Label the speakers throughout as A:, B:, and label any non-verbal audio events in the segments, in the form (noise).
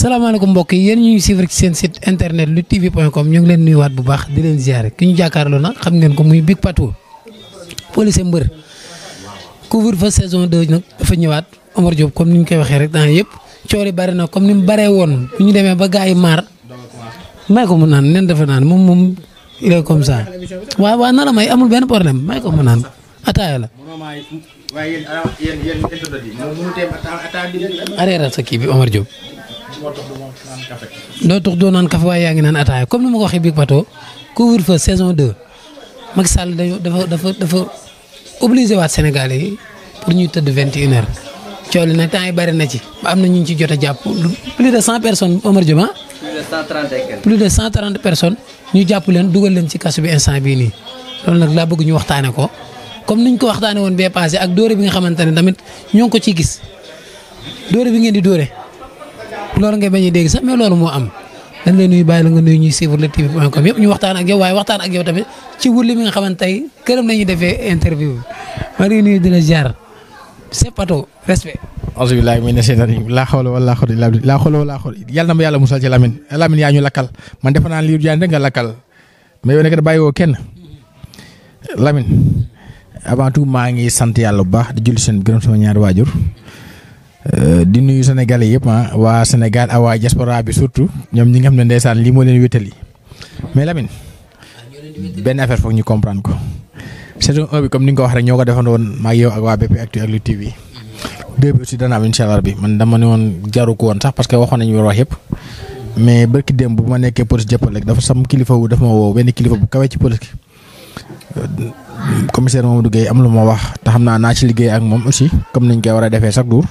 A: salaamaaleykum mbokk yi yéen ñu ngi suivre ci seen sit internet lu tv point com ñu ngi leen nuyuwaat bu baax di leen ziare ki ñu jàkkaarloo nag xam ngeen ko muy Big Pato police mbër couvre-feu saison 2 nag dafa ñëwaat Omar Diop comme ni koy waxee rek dans yëpp coor yi bari na comme ni mu baree woon ñu demee ba gars yi maar may ko mu naan nen dafa naan moom moom il est comme ça waaw waaw na la may amul benn problème may ko mu naan ataaya la.
B: waaye yéen yéen kii yéen yéen yéen moo tax doo naan
A: kafe. doo naan kafe waaye yaa ngi naan ataaya comme ni ma ko waxee Big Pato couvre-feu saison 2 Macky Sall dañoo dafa dafa dafa obligé waat Sénégalais yi pour ñuy tëdd 21 heures coow li nag temps yi bari na ci am na ñu ngi ci jot jàpp plus de Omar Dioma. Ah? de 130 et plus ñu jàpp leen dugal leen ci kaso bi instant bii nii loolu nag laa bëgg ñu waxtaanee ko comme niñ ko waxtaanee woon bee passé ak dóore bi nga xamante ne tamit ñoo ngi ko ciy gis dóore bi ngeen di dóore. loolu ngay bañ a dégg sax mais loolu moo am dañ lay nuyu bàyyi la nga nuyu ñuy suivre Lutte TV point com yëpp ñu waxtaan ak yow waaye waxtaan ak yow tamit ci wurli mi nga xamante tey këram la ñuy defee interview bi ma ngi nuyu di la ziar c'est pato laa
B: xawla wala laa xawla yàlla na ma yàlla musal ci Lamine Lamine yaa ñu lakkal man defe naa liir jaan rek nga lakkal mais yow nekk da bàyyiwoo kenn lamin avant tout maa ngi sant yàlla bu baax di julli seen gërëm sama ñaari waajur Euh, di nuyu sénégalais yëpp ah waa Sénégal ak ah, waa diaspora bi surtout ñoom ñi nga xam ne ndeysaan lii moo leen wétali mais Lamine benn affaire foog ñu comprendre ko saison 1 bi comme ni nga ko wax ñoo ko defandoon maa ngi yow ak dana am incha bi man dama ne woon jaru ko woon sax parce que waxoon nañu war wax yëpp mais barki démb bu ma nekkee police jëppal rek dafa sam kilifa wu dafa ma woo benn kilifa bu kawee ci police commissaire Mamadou Gueye am lu ma wax te xam naa naa ci liggéey ak moom aussi comme niñ koy war a defee chaque jour.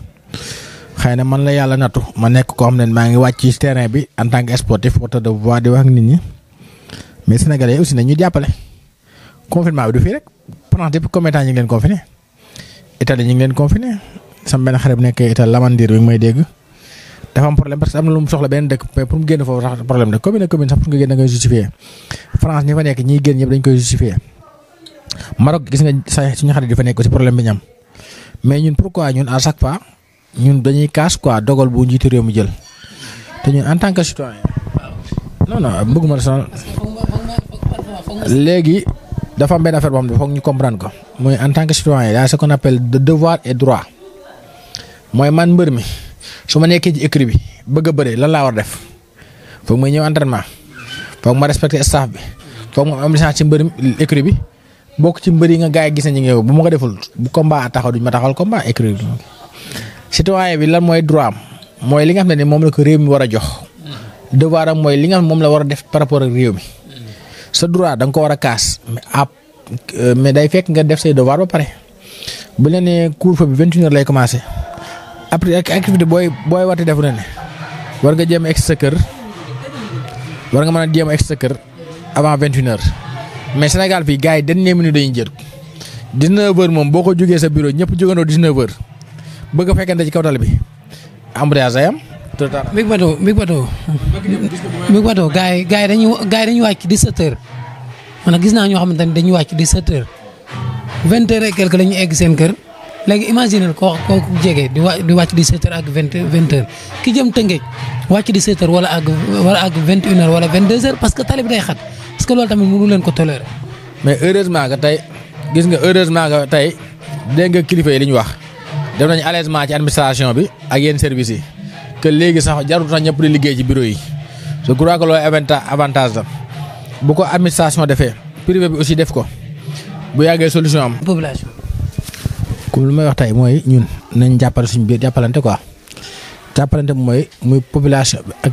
B: xëy na man la yàlla nattu ma nekk koo xam ne maa ngi wàcc ci terrain bi en tant que sportif porteur de voix di wax ak nit ñi mais sénégalais yi aussi nañ ñu jàppale confinement bi du fii rek pendant depuis combien temps ñu ngi leen confiné Italie ñu ngi leen confiné am na lu mu soxla benn dëkk pour mu génn foofu pour nga génn da ngay France ñi fa nekk ñiy génn ñëpp dañ koy justifié Maroc gis nga sa suñu xarit di fa nekk aussi problème bi ñu mais ñun pourquoi ñun à chaque fois. ñun dañuy kaas quoi dogal bu njiitu réew mu jël te ñun en tant que citoyen non non bëgguma sonal léegi dafa am benn affaire boo xam ne foog ñu comprendre ko mooy en tant que citoyen daa ce qu'on appelle de devoir et droit mooy man mbër mi su ma nekkee ci écrit bi bëgg a bëre lan laa war def foog may ñëw entraînement foog ma respecter staff bi foog ma am licence ci mbër écrit bi bokk ci mbër yi nga gars yi gis nañu ñëw bu ma ko deful bu combat taxaw duñ ma taxawal combat écrit bi citoyen bi lan mooy droit am mooy li na xam ne moom la ko réew mi war a jox devoir am mooy li nga xam moom la war a def par rapport ak réew mi sa droit da nga ko war a kaas mais ab euh, mais day fekk nga def see devoir ba pare bu la nee couvre-feu bi lay commencé après activité booy booy wate def na ne war nga jéem a sa kër war nga mën a jéem a sa kër avant vingt mais senegal fii gars yi dernière minute dañuy jël dix-neuf heures moom boo ko jógee sa bureau ñëpp jógandoo dix-neuf heures bëgg a fekkente ci kaw tali bi embouteillage day am. Big Bato Big
A: Bato Big Bato gars yi gars yi dañu gars yi dañuy wàcc di heures man nag gis naa ñoo xamante ne dañuy wàcc 17 heures 20 heures et quelque la ñu egg seen kër léegi imaginer ko koo jege di wàcc di wàcc 17 heures ak 20 20 heures ki jëm Tëngéej wàcc di heures wala ak wala ak 21 heures wala 22 heures parce que tali bi day xat parce que loolu tamit mënu leen ko tolérer.
B: mais heureusement que tey gis nga heureusement que tey dégg nga kilifa yi li ñu wax. def nañu allègement ci administration bi ak yenn services yi que léegi sax jarut sax ñëpp di liggéey ci bureau yi je crois que avantage la bu ko administration defee privé bi aussi def ko bu yàggee solution am. population. comme lu may wax tey mooy ñun nañ jàppale suñu biir jàppalante quoi jàppalante mooy muy population bi ak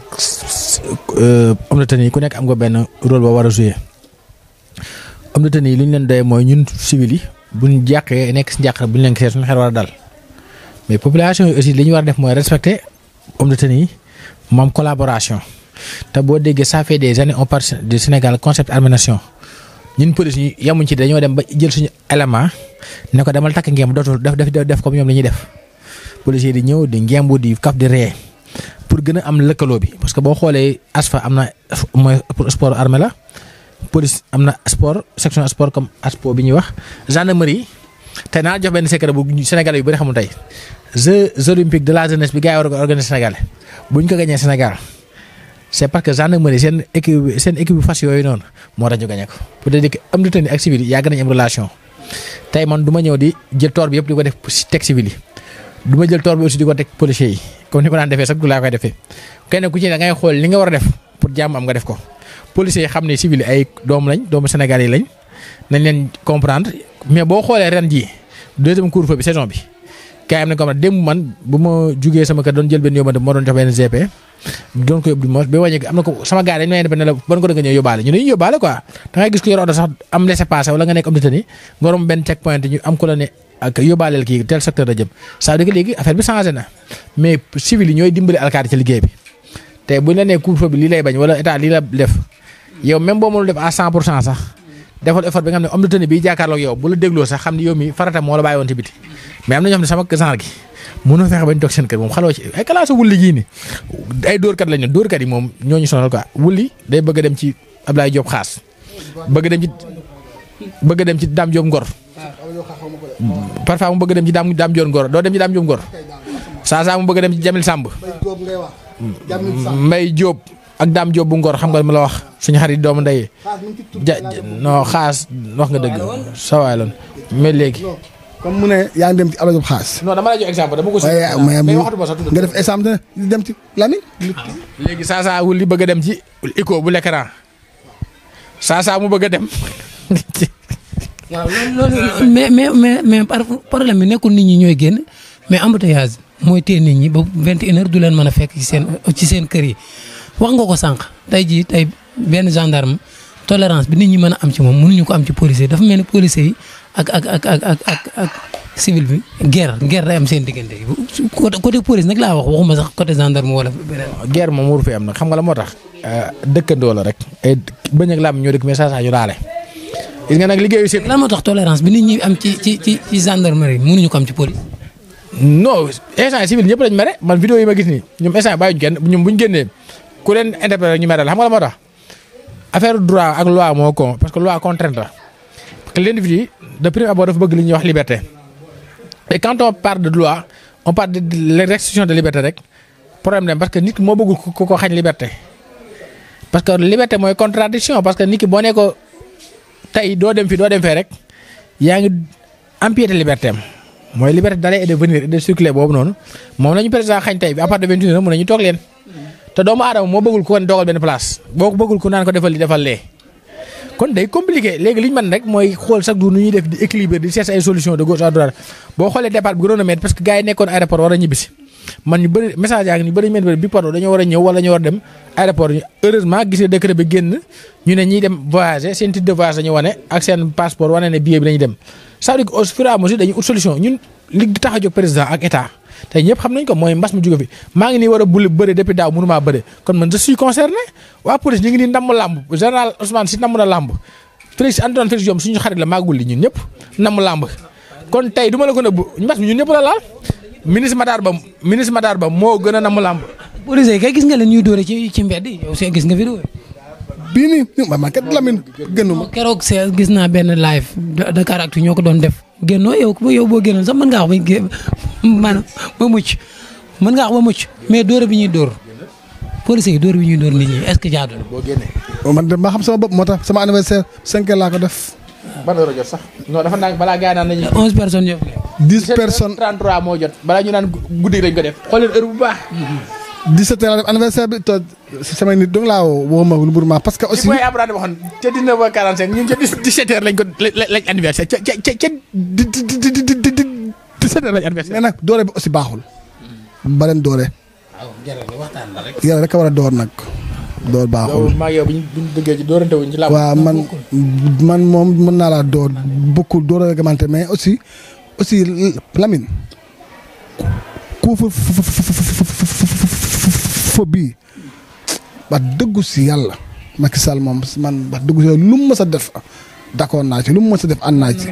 B: euh, homme de tenue ku nekk am nga benn rôle boo war a jouer homme de tenue yi li ñu leen doyee mooy ñun civil yi buñ jàqee nekk si njàqare buñ leen gisee suñu xel war a dal. mais population yi aussi li ñu war a def mooy respecter homme de tenue yi moom collaboration te boo déggee ça fait des années on parle du Sénégal concept armée nation ñun police ñu yemuñ ci dañoo dem ba jël suñu élément ne ko demal takk ngeem dootul def def def ko ñoom la ñuy def policier di ñëw di ngembu di kaf di ree pour gën a am lëkkaloo bi parce que boo xoolee ASFA am na mooy sport armée la police am na sport section sport comme ASPO bi ñuy wax gendarmerie. tey naa jox benn secret yu bëri xamul tey Jeux olympiques de la jeunesse bi gars yi Sénégal bu ñu ko gañee Sénégal c' parce que gendarmerie seen équipe seen équipe fas yooyu noonu moo tax ñu gañee ko pour te dire que am na ak civil yi yàgg ma ñëw jël toor bi yëpp di ko def teg civil yi du ma jël toor bi aussi di ko teg policier yi comme ni ma daan defee sax du laa koy defee kenn ku ci ne da xool li nga war a def pour jàmm am nga def ko ne civil yi ay doom doomu Sénégal yi mais boo xoolee ren jii deuxième couvre-feu bi saison bi kaay am na ko xam ne démb man bu ma jugee sama kër doon jël benn yóbbante moo doon jox benn GP doon ko yóbbu ba wàññi na ko sama gars dañ ma ne yóbbaale ñu ne ñu yóbbaale quoi da ngay gis ko yor oto sax am laissez-passer wala nga nekk am détenu nga romb benn check point am ko la ne ak yóbbaaleel kii tel secteur la jëm ça veut dire léegi affaire bi changé na mais civil yi ñooy dimbali alkaati ci liggéey bi te buñ la nee couvre-feu bi lii lay bañ wala à 100 pour cent sax defal effort bi nga xam ne homme de tenue bi jàkkaarloog yow bu la dégloo sax xam ne yow farata moo la bàyyi woon biti mais am na ñoo ne sama genre gi mënoo fexe bañ toog seen kër moom xaloo ci ay classe wulli gii ni ay dóorkat lañu dóorkat yi moom ñooñu sonal quoi wulli day bëgg dem ci Ablaye Diop xaas bëgg dem ci bëgg dem ci Dame Diop Ngor parfois mu bëgg dem ci dam Dame Diop Ngor doo dem ci Dame saa saa mu bëgg dem ci Jamil Samb Mbaye Diop ak daam Diop bu Ngor xam nga ma la wax suñu xarit doomu ndey ja non xaas wax nga dëgg sa waay loon mais léegi. comme mu ne yaa ngi dem ci alal xaas. non dama la jox exemple dama ko si. mais waxatuma sax nga def exemple léegi saa saa wul li bëgg a dem ci ICO bu l'écran saa saa mu bëgg a dem.
A: waaw (laughs) loolu mais mais mais problème bi nekkul nit ñi ñooy génn mais embouteillage mooy téye ni ñi ba vingt et une heure du leen mën a fekk ci seen ci seen kër yi. wax nga ko sànq tey jii tey benn gendarme tolérance bi nit ñi mën a am ci moom mënuñu ko am ci policier dafa mel ni policier yi ak ak bi guerre guerre day seen diggante
B: côté côté police nag laa sax côté gendarme wala beneen. guerre moom am nag xam nga la tax. Euh, dëkkandoo la rek. bañ ak laam ñoo dëkk mais saa saa yu daale. gis nga nag liggéeyu moo tax tolérance bi nit ñi am ci ci ci ci gendarmerie mënuñu ko am ci police. non instant civil ñëpp lañ mere man vidéo yi ma gis nii ñoom instant bàyyiwuñ kenn ñoom bu génnee. ku leen interpellé ñu meral xam nga la moo tax affaire droit ak loi moo ko parce que loi contrainte la parce que l'individu de prime abord dafa bëgg li ñuy wax liberté et quand de loi on parle de la restriction de liberté rek problème parce que nit moo bëggul ku ko xañ liberté parce que liberté mooy contradiction parce que nit boo nee tey doo dem fi doo dem fee rek ngi empiété liberté am mooy liberté d'aller et moom la ñu xañ tey bi à de vingt-huit heures mu ne ñu toog leen te doomu aadama moo bëggul ku ko dogal benn place boo ko bëggul ku naan ko defal li defal lee kon day compliqué léegi li ñu mën rek mooy xool chaque jour ñuy def di équilibre di seet ay solution de gauche à droite boo xoolee départ bi gënoon a parce que gars yi nekkoon aéroport war a ñibbisi man ñu bëri message yaa ngi ñu bëri ñu mel a ñëw wala ñu war a dem aéroport ñu heureusement gis nga bi génn ñu ne ñiy dem voyager seen titre de voyage dañu wane ak seen passeport wane ne billet bi dañuy dem cest président ak te ñëpp xam nañ ko mooy mbas mu jóge fi maa ngi nii war a buli bëri depuis daaw mënumaa bëri kon man je suis concerné waa police na làmb Félix Antoine Félix Diome suñu xarit la maagul li ñun ñëpp namm làmb kon tey du ma la ko nëbb mbas mi ñun ñëpp la laal ministre Matar Ba ministre Matar Ba moo gën a namm làmb. police yi kay gis nga leen ñuy dóore ci ci mbedd yi yow gis nga vidéo bii nii man man kat Lamine gënuma keroog
A: gis naa benn live Dakaractu ñoo ko doon def génn génnoo yow yow boo génnoon sax mën ngaa wax maanaam ba mucc mën ngaa wax ba mucc mais dóor bi ñuy dóor police yi
B: dóor bi ñuy dóor nit ñi est-ce que jaadu boo génnee
C: oh, man ma xam sama bopp moo tax sama anniversaire cinq laa ko def.
B: ban heure jot sax. non balaa gaa naan nañu. onze personnes yëpp. dix personnes 33 moo balaa ñu naan guddi lañ ko def. xoolal heure bu baax.
C: 17 heures def anniversaire bi te samay nit que. aussi li booy Abrahima waxoon
B: ca 19h45 ñun
C: lañ ko lañ anniversaire ca nag doore bi aussi baaxul. Hmm. ba leen doore. waaw jërëjëf rek. yàlla rek a war a door nag. door baaxul loolu
B: maa ngi yow bi ñu bi ñu duggee waaw
C: man moom mën naa laa door bokkul door a gamante mais aussi aussi Lamine. ku fo bii ba dëggu si yàlla Macky Sall moom man ba dëggu si yàlla lu mu mës a def d'accord naa ci lu mu mës a def ànd naa ci.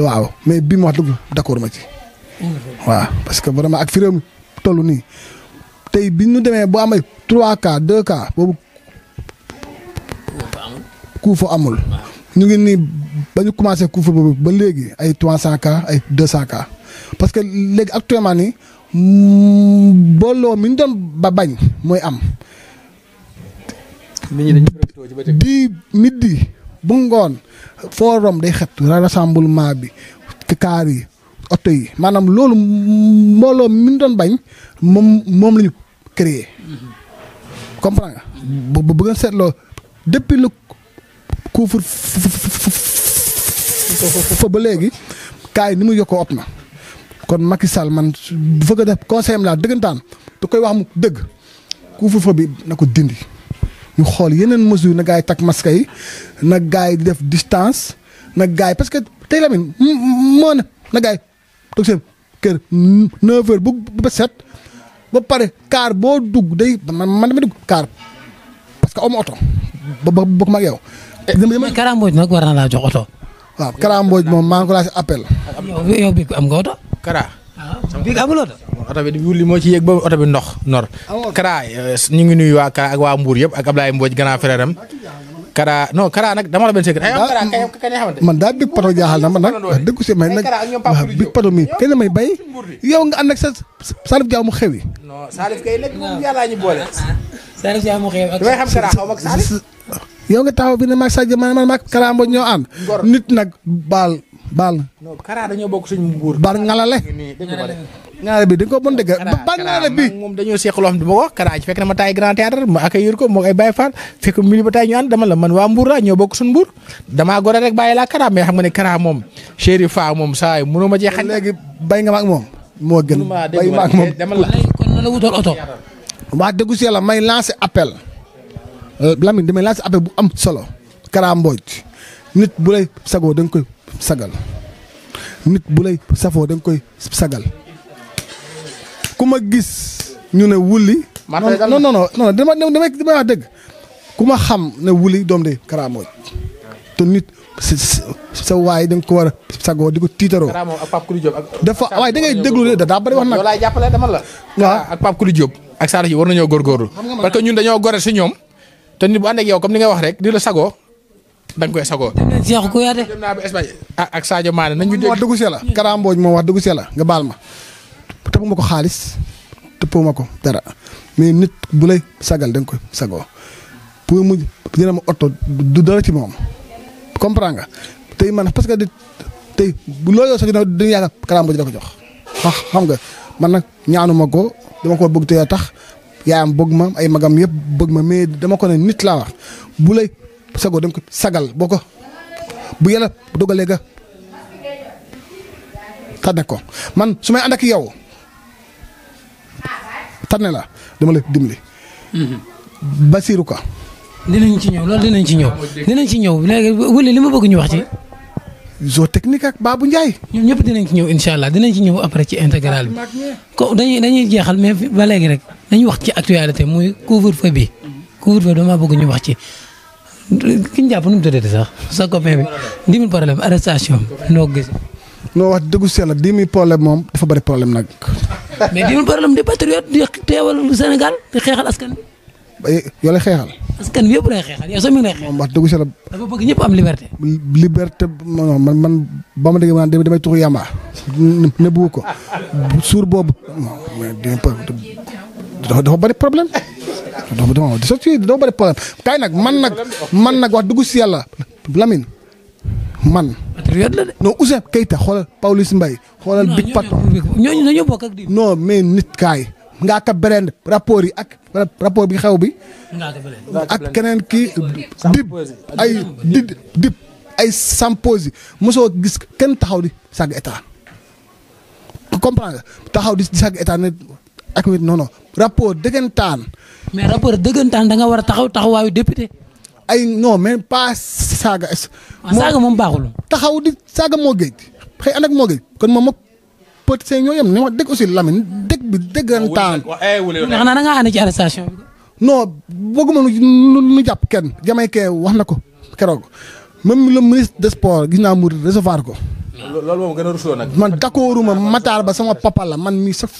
C: waaw mais bii ma wax dëgg d'accord ma ci. waaw parce que vraiment ak fi toll nii tey bi ñu demee bu amee trois cas deux cas boobu amul. ñu ngi nii ba ñu commencé couvre-feu léegi ay cent cas ay deux mbooloo mi ñu doon ba bañ mooy am. bi midi bu ngoon foo forum day xet rassemblement bi ci yi oto yi maanaam loolu mbooloo mi ñu doon bañ moom lañu la ñu créé. comprends nga. bu bëgg a seetloo depuis le fa ba léegi kaay ni mu yokkoo op na. kon Macky Sall man bu fëgg def conseil am laa dëggantaan te koy wax mu dëgg couvre-feu bi na ko dindi ñu xool yeneen mesure na gaa yi takk masque yi na gaa yi def distance na gaa yi parce que tey Lamine moo ne na gaa yi toog bu pare kaar boo dugg day man man dama dugg kaar parce que amu oto ba ba bokk ma ak yow. Eh, mais Karambooj nag war na
B: laa jox oto. waaw
C: Karambooj moom maa ko am nga oto.
B: Kara. Ah, bii amuloo oto. oto bi wulli moo ci yéeg ba oto bi ndox nor. Kara eh, ñu ngi nuyu waa Kara ak waa Mbour yëpp ak Ablaye Mbodj grand frère Kara non Kara nag dama la benn secret. man
C: daal big pato jaaxal na ma nag wax dëgg si may nag waaw big pato mi kay la may bay yow nga ànd ak sa Salif Diaw mu xewi.
B: non Salif kay lépp moom yàlla ñu boole. Ah, ah. Salif Diaw mu xewi ak. damay xam Kara xaw ma ak Salif.
C: yow bi ne maag Sadio man maag Kara Mbodj ñoo ànd. nit nag baal. baal
B: non kara dañoo bokk suñu nguur bar ngalale ñaare bi dañ ko bon dëgg ba ñaare bi moom dañoo seq loo xam ne ma wax fekk na ma taay grand théâtre ma accueillir ko moo ay Baye Fall fekk mili ba taay ñu ànd dama la man waa mbuur la ñoo bokk suñu mbuur damaa gore rek bàyyi laa kara mais xam nga ne kara moom chéri faa moom saa yi mënoo ma cee xañ léegi bay nga maag moom
C: moo gën bay maag moom dama la kon na la wutal oto waa dëggu si yàlla may lancer appel euh, Lamine damay lancer appel bu am solo kara mbooj nit bu da sagal nit bu lay safoo da koy sagal ku ma gis ñu ne wulli non non non non dama dama damay wax dëgg ku ma xam ne wuli doom de karamooj te nit sa waay da nga ko war a sagoo di ko tiitaroo.
B: dafa waaye da ngay déglu de daa bari wax nag. yow laay jàppale dama la. waaw ak Pape Kouli Diop na Sadio war nañoo parce que ñun dañoo gore si ñoom te nit bu ànd ak yow comme ni nga wax rek di la sagoo. dañ koy sagoo. Cheikhou Kouyaté dem naa ak Sadio Mané nañ ñu dégg. wax dëgg si la
C: Kara Mbodj moom wax la nga baal ma tëppu ko xaalis tëppu ma ko dara mais nit bu lay sagal da nga koy sagoo pour mu dina ma oto du dara ci moom comprends nga tey man parce que tey bu loolu yow sax dina dina yaakaar Kara Mbodj jox. wax ah, xam nga man nag ñaanu ma ko dama ko bëgg te tax yaayam bëgg ma ay magam yëpp bëgg ma mais dama ko ne nit laa wax bu lay. sagoo dem ko sagal boo ko bu yàlla dogalee ga tànne ko man su may ànd ak yow tànne la dama lay dimbali. Basiru Ka.
A: dinañ ci ñëw loolu dinañ ci ñëw dinañ ci ñëw léegi wala li ma bëgg ñu wax ci. zoo technique baa bu Ndiaye. ñoom ñëpp dinañ ci ñëw incha allah dinañ ci ñëw après ci integral bi. ko dañuy dañuy jeexal mais ba léegi rek dañuy wax ci actualité muy couvre-feu bi. couvre-feu damaa bëgg ñu wax ci ki jàpp nu mu tuddati sax sa copain bi 10 000 problème arrestation
C: noo gis. noo wax dëggu si yàlla 10 000 moom dafa bëri problème nag.
A: mais 10 000 problème di patriote di teewal Sénégal di xeexal askan bi.
C: Eh, yoo lay yëpp lay xeexal yow sax mi ngi lay xeexal. moom wax dëggu si yàlla. dafa bëgg ñëpp am liberté. liberté non man man ba ma déggee maanaam damay tuxu yàmbaa. ne ko suur boobu. non mais 10 000 dox dafa bëri problème dafa bëri problème kaay nag man nag man nag wax dugg si yàlla Lamine man. patriote la de. non Ouzin Keita xoolal Pawlish Mbaye. xoolal Big Pato ñooñu dañoo ak di. non mais nit kaay. ngaa ka berend rapport yi ak rapport bi xew bi.
A: ak keneen ki dib ay
C: dib dib ay sampose mosoo gis kenn taxaw di sàgg état taxaw di sàgg état ne. ak wit non non rapport dëggantaan. mais rapport dëggantaan da nga war a taxaw taxawaayu député. ay non mais pas saaga. waaw ah, saaga moom baaxul. taxaw di saaga moo géej xëy ànd ak moo géej kon ma ak Petit Seye ñoo yem ni ma dégg aussi Lamine dégg bi dëggantaan.
B: Ah, wala eh, xanaa
C: da ngaa ànd ci arrestation bi. non bëgguma nu nu jàpp kenn jamay kee wax na ko keroog même le ministre de sport gis naa mu recevoir ko.
B: loolu moom a rusloo nag. man
C: d'accorduma Matar Ba sama papa la man mii sax.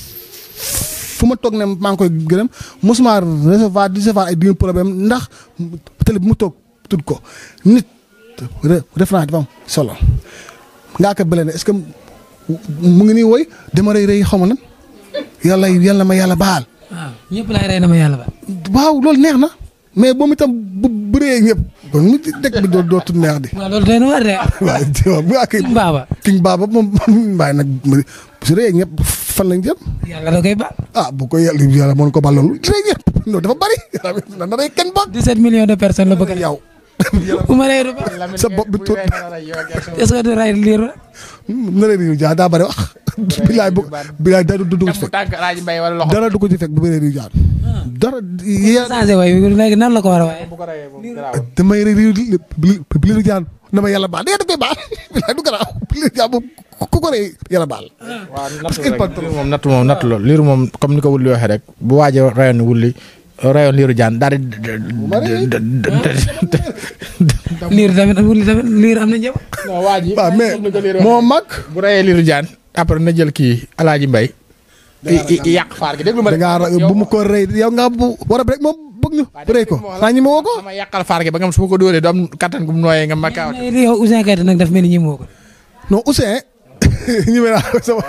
C: fu ma toog ne maa ngi koy gërëm mosuma recevoir di recevoir ay diggante problème ndax télé bi mu toog tudd ko nit référence dafa solo ngaa ko bële ne est que mu ngi nii woy dama rëy rëy xaw ma lan yàlla yàlla ma yàlla baal. waaw ñëpp na ma yàlla baal. waaw loolu neex na mais moom itam bu bëree ñëpp. kon mu dëkk bi doo dootul neex di. waaw loolu day nu war de. waaw bu ak. King Baba King Baba moom (laughs) nag su dee ñëpp lañ jëm. yàlla da koy ba. ah bu ko yàlla yàlla mën ko ba loolu su dee ñëpp loolu dafa bari.
A: na na day kenn bokk. 17 millions de personnes la bëgg a. yow. (laughs) ku ma lay rëbb. sa bopp bi tuut est-ce
C: que du ray liiru. Hmm, na leen yu jaar daa bari wax. bilaay bu bilaay dara du ko ci fekk. dara du ko ci fekk bu bëree yu jaar. dara. yaa changé waay léegi nan la ko war a waay. Eh, damay rek li li li jaan na ma yàlla baal da nga def baal bilaay (laughs) du garaaw li jaan moom ku ko rey yàlla baal. Ah. waaw nattu rek liir
B: moom nattu moom nattu loolu liir moom comme ni ko wulli waxee rek bu waajee rayoon wulli rayoon liiru jaan daal di. (laughs) liir tamit wulli tamit liir am
C: na njaboot. waa ji. moo
B: mag. bu rayee liiru jaan après na jël kii Alaaji Mbay
C: yàq
B: faar gi déglu ma rek bu mu
C: ko rey yow nga bu war a rek moom bëgg
B: ñu rey ko saa ñi ma woo ko dama yàqal faar gi ba nga xam su ma ko dóoree du am kattan gu mu nooyee nga ma kaaw yow
A: Ouzin Keita nag daf mel ni ñi woo ko non Ouzin (laughs) ñi ma naa ko sama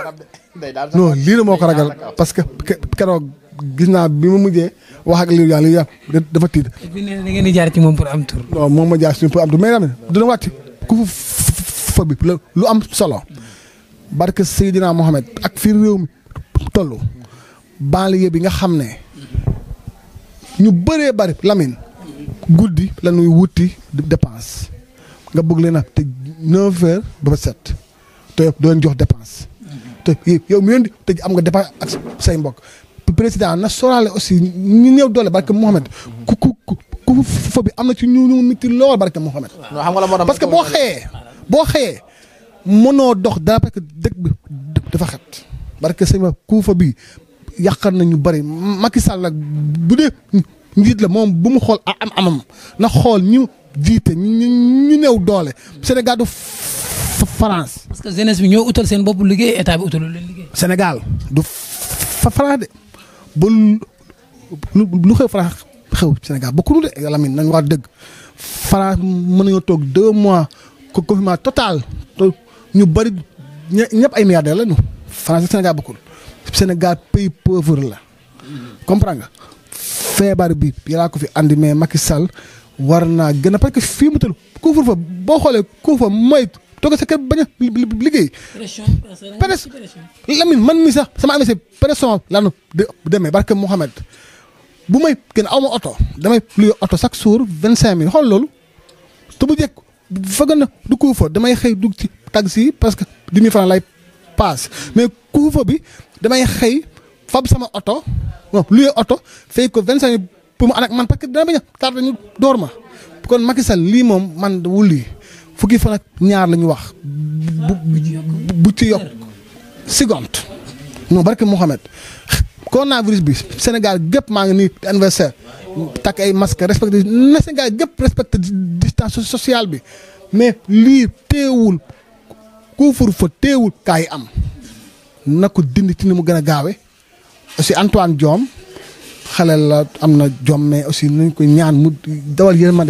C: non lii la moo ko ragal parce que keroog gis naa bi ma mujjee wax ak liiru yàlla yàlla dafa tiit bi ne da ngeen di jaar ci moom pour am tur non moom ma jaar ci pour am tur mais dama dina wàcc ku fa bi lu am solo barke Seydina Mohamed ak fii réew mi toll banlieue bi nga xam ne ñu bëree bari lamin guddi la ñuy wuti dépense nga bëgg leen nag te neuf ba set te doon jox dépense. te yow mi yoon te am nga dépense ak say mbokk président na sóoraale aussi ñu néew doole barke Mouhamed ku ku ku fa bi am na ci ñu ñu miti lool barke Mouhamed. parce que boo xëyee boo xëyee mënoo dox dara parce que dëkk dafa xat. barke sëñ ba kuufa bi yàqar na ñu bari Macky Sall nag bu dee njiit la moom bu mu xool am amam na xool ñu jiite ñu ñu néew doole Sénégal du France. parce que jeunesse bi ñoo utal seen bopp liggéey état bi utalul leen liggéey. de ba lu xew France xew Sénégal bokkunu de Lamine nañu wax dëgg France mën nañoo toog deux mois confinement total ñu bëri ñëpp ay milliardaires lañu. France ak Sénégal bokkul Sénégal pays pauvre la comprends nga feebar bi yàllaa ko fi andi mais Macky Sall war naa gën a parce que fii mu toll couvre-feu boo xoolee couvre-feu mooy toog sa kër bañ a liggéey. pression pression man mi sax sama amee sa pression laanu de demee barke Mouhamed bu may gën aw ma oto damay luy oto chaque jour vingt cinq mille xool loolu te bu njëkk bu a ne du couvre damay xëy du ci taxi parce que dix mille francs paas mais couvre bi damay xëy fab sama oto bon oto fay ko vingt cinq pour mu ànd ak man parce dana bañ ñu door ma kon Macky Sall lii moom man lii fukki fan ak ñaar la ñu wax bu ci yokk seconde non kon Mouhamed coronavirus bi Sénégal gépp maa ngi nii anniversaire takk ay masque respecté na Sénégal gépp respecté distance sociale bi mais lii teewul couvre fo teewul kaay am na ko dindi ci ni mu gën a gaawe aussi Antoine Diome xale la am na Diome mais aussi nañ koy ñaan mu dawal ma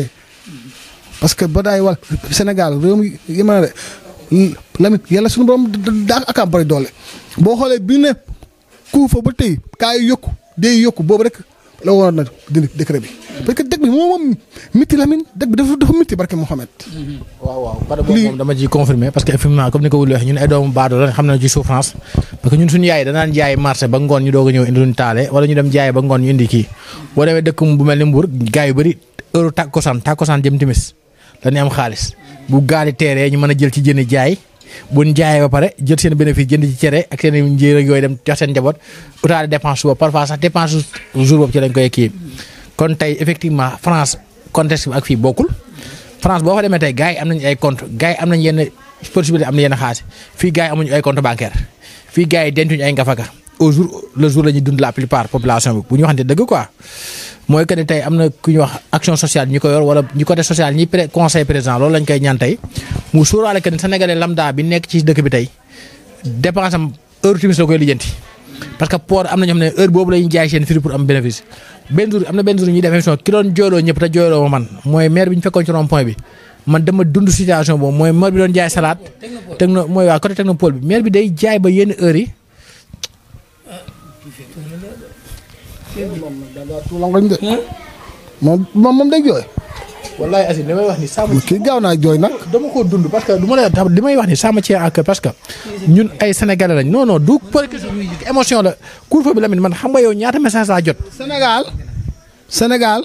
C: parce que ba daay wal Sénégal réew mi yërmande lamit yàlla suñu borom daa ak am doole boo xoolee bi ne couvre-feu ba tey kaay yokku day yokku boobu rek la waroon na dindi décret bi. parce dëkk bi moom miti Lamine dëkk bi dafa dafa miti barke Mouhamed. Mm-hmm.
B: waaw waaw par rapport moom dama parce que effectivement comme ni ko wuli waxee ñun ay doomu baadoo la xam nañu ci souffrance. parce que ñun suñu yaay danaan jaay marché ba ngoon ñu doog a ñëw indi taale wala ñu dem jaay ba ngoon ñu indi kii. boo demee dëkk bu mel ni Mbour gaa yu bëri heure tàkkusaan tàkkusaan jëm timis dañuy am xaalis bu gaali teeree ñu mën a jël ci jënd jaay bu ñu jaayee ba pare jël seen bénéfice jënd ci cere ak seen njéer ak yooyu dem jox seen njaboot utaale dépense suba parfois sax dépense jour boobu ci lañ koy kii kon tey effectivement France contexte ak fii bokkul France boo fa demee tey gars yi am nañu ay compte gars yi am nañu yenn possibilité am na yenn xaalis fii gaa yi amuñu ay compte bancaire fii gars yi dencuñu ay ngafaka au jour le jour la ñuy dund la plupart population bi bu ñu waxante dëgg quoi mooy que tey am na ku ñuy wax action sociale ñi ko yor wala ñi koy ñaan tey mu sóoraale que ne sénégalais bi nekk ci dëkk bi tey dépense am heure timis la koy lijjanti. parce que port am na ñoo xam ne heure boobu la jaay seen firi pour am bénéfice benn jour am na benn jour ñuy def émission ki doon jooyloo ñëpp te jooyloo ma man mooy maire bi ñu fekkoon ci rond bi. man
C: moom moom moom day jooy. wallaay Aziz li may wax ni sàmm. kii gaaw naa jooy nag. dama ko dund
B: parce que du ma lay li may wax ni sàmm ci ak parce que ñun ay sénégalais lañ non non du parce que émotion la couvre bi bi Lamine man xam nga yow ñaata message laa jot. Sénégal Sénégal.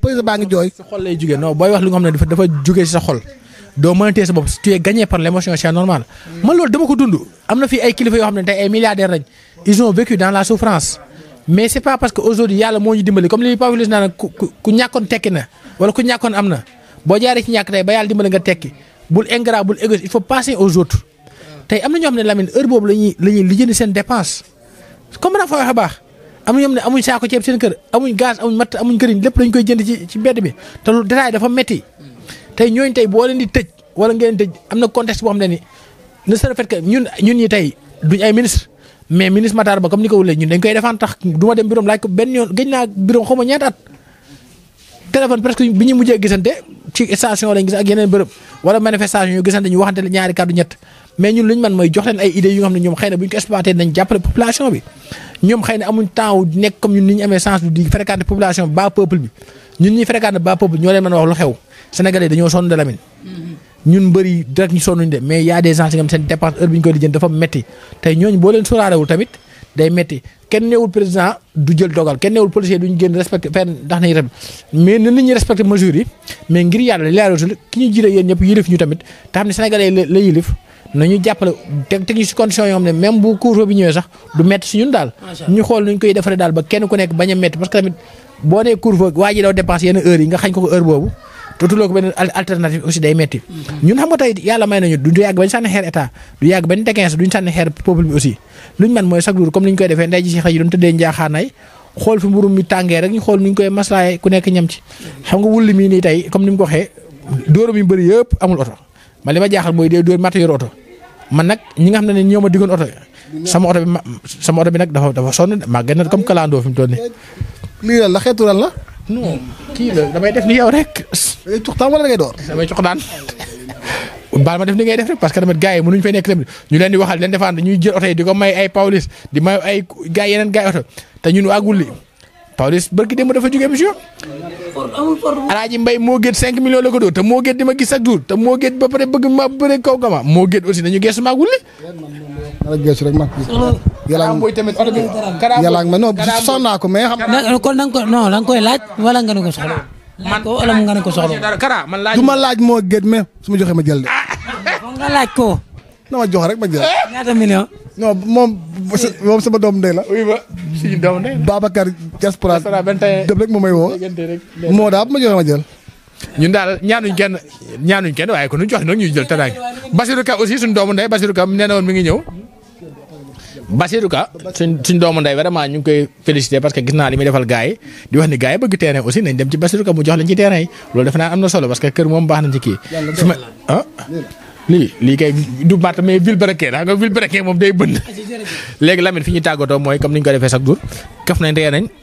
B: président baa ngi jooy. sa xol lay jugee non booy wax li nga xam ne dafa dafa jugee ci sa xol. doo mën a téye sa bopp si tu par l' émotion c' normal man loolu dama ko dund am na fi ay kilifa yoo xam ne tey ay milliardaires lañ ils ont vécu dans la souffrance mais c' est pas parce que aujourd'hui yàlla moo ñu dimbali comme li Pawlish naa nag ku ku ñàkkoon tekki na wala ku ñàkkoon am na boo jaaree ci ñàkk tey ba yàlla dimbali nga tekki bul ingrat bul égoïste il faut passer aux tey am na ñoo xam ne Lamine heure boobu la ñuy la ñuy lijjanti seen dépense comme na fa waxee baax am saako ceeb seen kër amuñ gaz amuñ matt amuñ këriñ koy jënd ci ci mbedd bi dafa metti tey ñooñu tey boo leen di tëj wala ngeen tëj am na contexte boo xam ne ni ne ce fait que ñun ñun ñi tey duñ ay ministre mais ministre Matar Ba comme ni ko wulee ñun dañ koy defaan presque bi ñu mujjee gisante ci station lañ gis ak yeneen bërëb wala manifestation yu gisante ñu waxante ñaari kàddu ñett mais ñun lu ñu man mooy jox leen ay idées yu nga xam ne ñoom xëy bu ñu ko exploité nañ jàppale population bi ñoom xëy amuñ temps nekk comme ñun ni ñu amee chance di fréquenter population ba peuple bi ñun ñuy fréquenter ba peuple ñoo leen mën a wax lu xew Sénégalais dañoo sonn de Lamine. Mm-hmm. ñun mbëri direct ñu sonnuñ de mais y a des gens yi nga xam seen dépense heure bi ñu koy lijjanti dafa metti tey kenn newul président du jël dogal kenn newul policier duñ génn respecté fenn ndax nañu ren mais nan ñu jiite yéen ñëpp yilif ñu tamit te xam ne sénégalais la yilif nañu jàppale teg teg ñu si condition yoo xam ne même bu couvre-feu bi ñëwee sax du metti si ñun daal. ñu xool nuñ koy defaree daal ba kenn ku nekk bañ a metti parce que tamit boo nee couvre-feu waa daw dépense yenn heures yi nga xañ ko ko heure boobu te tuloo ko benn alternative aussi day metti mhm. ñun xam nga tey yàlla may nañu du yàgg bañ sànni xeer état du yàgg bañ tequinse duñ sànni xeer peuple bi aussi luñ man mooy chaque jour rek ñu ma jaaxal mooy nag ñi nga xam ne ñoo ma diggoon oto sama bi dafa sonn màgg na comme kalandoo fi mu toll nii non kii la damay def ni yow rek. damay jox temps wala ngay door. damay jox daan baal ma def ni ngay def rek parce que tamit gars yi mënuñ fay nekk tamit ñu leen di waxal leen defaan ñuy jël oto yi di ko ay Pawlish di may ay yeneen gars oto te ñun àggul li Pawlish barki démb dafa jógee monsieur. alaaji mbay moo gét 5 millions la ko moo gét di ma gis ak duur te moo gét ba pare bëgg ma bëre kaw gama moo gét aussi nañu geesu maag wulli.
C: dara geesu rek ma. yàlla
B: mooy tamit oto bi yàlla
C: ma non sonn naa ko mais xam nga. kon da nga ko non koy laaj wala nga ne ko soxla.
B: man ko wala man laaj du
C: ma laaj moo gét mais su ma joxee ma jël de. nga laaj ko. na ma jox rek ma jël. ñaata million. non moom. moom ma doom ndey la. oui ba suñu doom rek moom may woo. moo daal bu ma joxe ma jël.
B: ñun daal ñaanuñ kenn ñaanuñ kenn waaye ko nu jox nag ñuy jël teraanga Basirou Ka aussi suñu doomu ndey Basirou Ka nee woon mi ngi ñëw. Basirou Ka suñ suñ doomu ndey vraiment ñu koy féliciter parce que gis naa li muy defal gars di wax ni gars yi bëgg aussi nañ dem ci Basirou mu jox lañ ci terrain yi loolu defe naa am na solo parce que kër moom baax na ci lii lii kay du matt mais vilebrequin daa nga vilebrequin moom day bënn ah, léegi Lamine fi ñu tàggatoo mooy comme ni ñu ko defee chaque jour kaf nañ ree nañ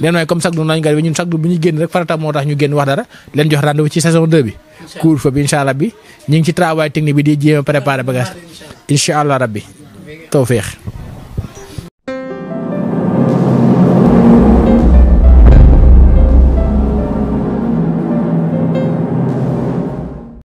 B: leen waaye comme chaque jour nañu gari bi ñun chaque jour bu ñu génn rek farata moo tax ñu génn wax dara leen jox rendez-vous ci saison 2 bi cour fa bi incha allah bi ñu ngi ci travail technique bi di jéem a préparer bagage incha allah rabbi feex